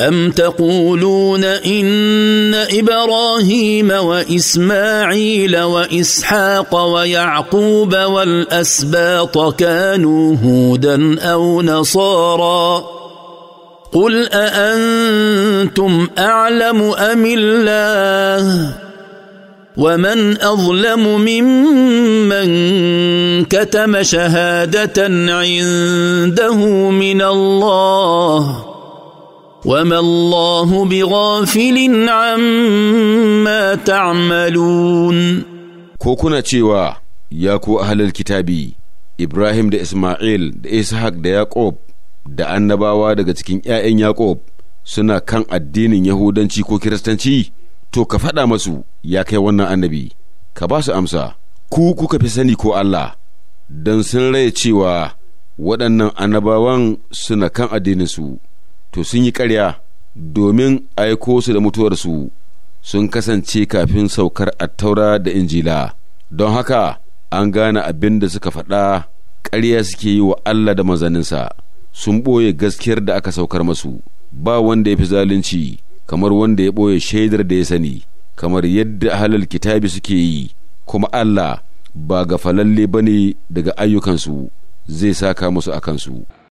أم تقولون إن إبراهيم وإسماعيل وإسحاق ويعقوب والأسباط كانوا هودا أو نصارا قل أأنتم أعلم أم الله ومن أظلم ممن كتم شهادة عنده من الله ۖ وما الله بغافل عما تعملون ko kuna cewa ya ku ahlul kitabi Ibrahim da Ismail da Ishaq da Yaqub da annabawa daga cikin ‘ya'yan Yaqub suna kan addinin Yahudanci ko Kiristanci, to ka faɗa masu ya kai wannan annabi, ka ba su amsa, ku kuka fi sani ko Allah, don sun raya cewa waɗannan annabawan suna kan addinin su. to sun yi ƙarya domin aiko su da mutuwarsu sun kasance kafin saukar attaura da injila don haka an gane abin da suka faɗa karya suke yi wa Allah da mazaninsa sun ɓoye gaskiyar da aka saukar masu ba wanda ya fi zalunci kamar wanda ya ɓoye shaidar da ya sani kamar yadda halal kitabi suke yi kuma Allah ba ga falalle ba ne daga ayyukansu zai saka musu a kansu.